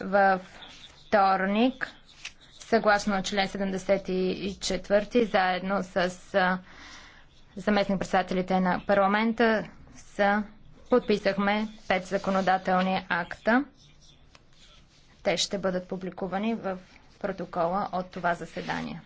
във вторник, съгласно член 74, заедно с заместник председателите на парламента, са, подписахме пет законодателни акта. Те ще бъдат публикувани в протокола от това заседание.